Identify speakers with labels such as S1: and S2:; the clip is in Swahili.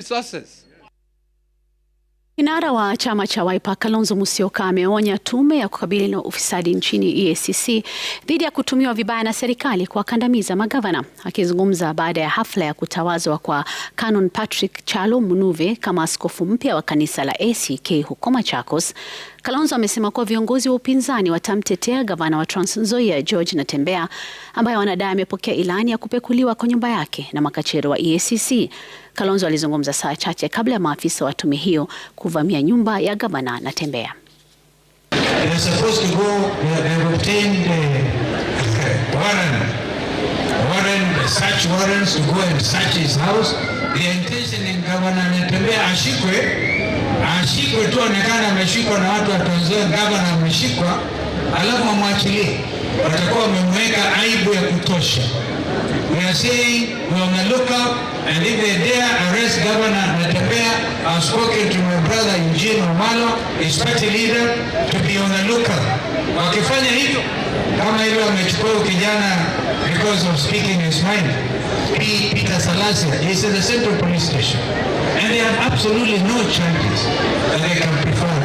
S1: resources.
S2: Kinara wa chama cha Wiper Kalonzo Musyoka ameonya tume ya kukabili na ufisadi nchini EACC dhidi ya kutumiwa vibaya na serikali kuwakandamiza magavana. Akizungumza baada ya hafla ya kutawazwa kwa Canon Patrick Chalo Munuve kama askofu mpya wa kanisa la ACK huko Machakos, Kalonzo amesema kuwa viongozi wa upinzani watamtetea gavana wa Trans Nzoia George Natembeya ambaye wanadai amepokea ilani ya kupekuliwa kwa nyumba yake na makachero wa EACC. Kalonzo alizungumza saa chache kabla ya maafisa wa tume hiyo kuvamia nyumba ya gavana Natembeya.
S3: Uh, Natembeya ashikwe ashikwe tu, aonekana ameshikwa na watu watanzia, gavana ameshikwa, alafu amwachilie, watakuwa wamemweka aibu ya kutosha are saying we are on the lookout and if they dare arrest Governor Natembea, I've spoken to my brother Eugene Omalo, his party leader, to be on the lookout. Wakifanya hivyo kama hilo amechukua kijana because of speaking his mind. Peter Salasia he's in the Central Police Station and they have absolutely no charges that they can prefer.